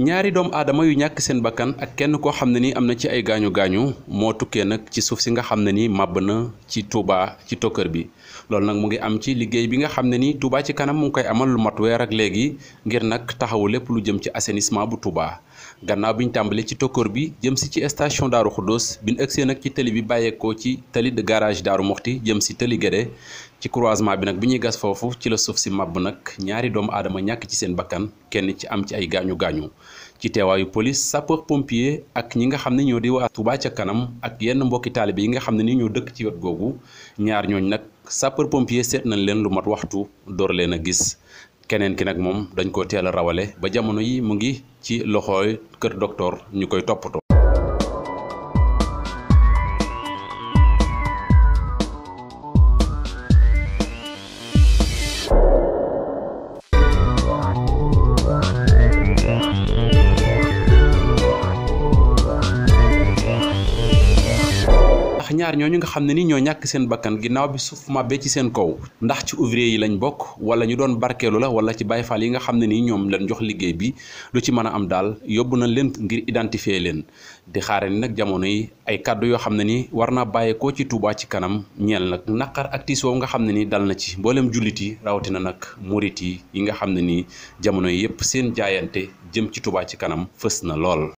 ñaari doom aadama yu ñàkk seen bakkan ak kenn koo xam ne ni am na ci ay gaañu gaañu moo tukkee nag ci suuf si nga xam ne ni màbb na ci Touba ci tokkër bi loolu nag mu ngi am ci liggéey bi nga xam ne ni Touba ci kanam mu ngi koy amal lu mat ak léegi ngir nag taxawu lépp lu jëm ci assainissement bu Touba gannaaw bi ñu tàmbalee ci tokkër bi jëm si ci station Daaru Xuddoos bi ñu egsee nag ci tëli bi bàyyeekoo ci tali de garage Daaru Moxti jëm si tëli Gédé ci croisement bi nag bi ñuy gas foofu ci la suuf si màbb nag ñaari doomu aadama ñàkk ci seen bakkan kenn ci am ci ay gaañu gaañu ci teewaayu police sapeur pompier ak ñi nga xam ne ñoo di waa Touba ca kanam ak yenn mbokki taalibe yi nga xam ne ni ñoo dëkk ci wet googu ñaar ñooñ nag sapeur pompier seet nañ leen lu mat waxtu door leen a gis keneen ki nag moom dañ ko teel a rawale ba jamono yi mu ngi ci loxooy kër docteur ñu koy toppatoo. ndax ñaar ñooñu nga xam ne ni ñoo ñàkk seen bakkan ginnaaw bi suuf bee ci seen kaw ndax ci ouvrier yi lañ bokk wala ñu doon barkeelu la wala ci Baay Faal yi nga xam ne ni ñoom leen jox liggéey bi lu ci mën a am daal yóbbu nañ leen ngir identifier leen di xaare ni nag jamono yi ay kàddu yoo xam ne ni war naa bàyyeekoo ci Tuubaa ci kanam ñeel nag naqar ak tiis nga xam ne ni dal na ci mbooleem jullit yi rawatina nag murit yi yi nga xam ne ni jamono yi seen jaayante jëm ci Tuubaa ci kanam fës na lool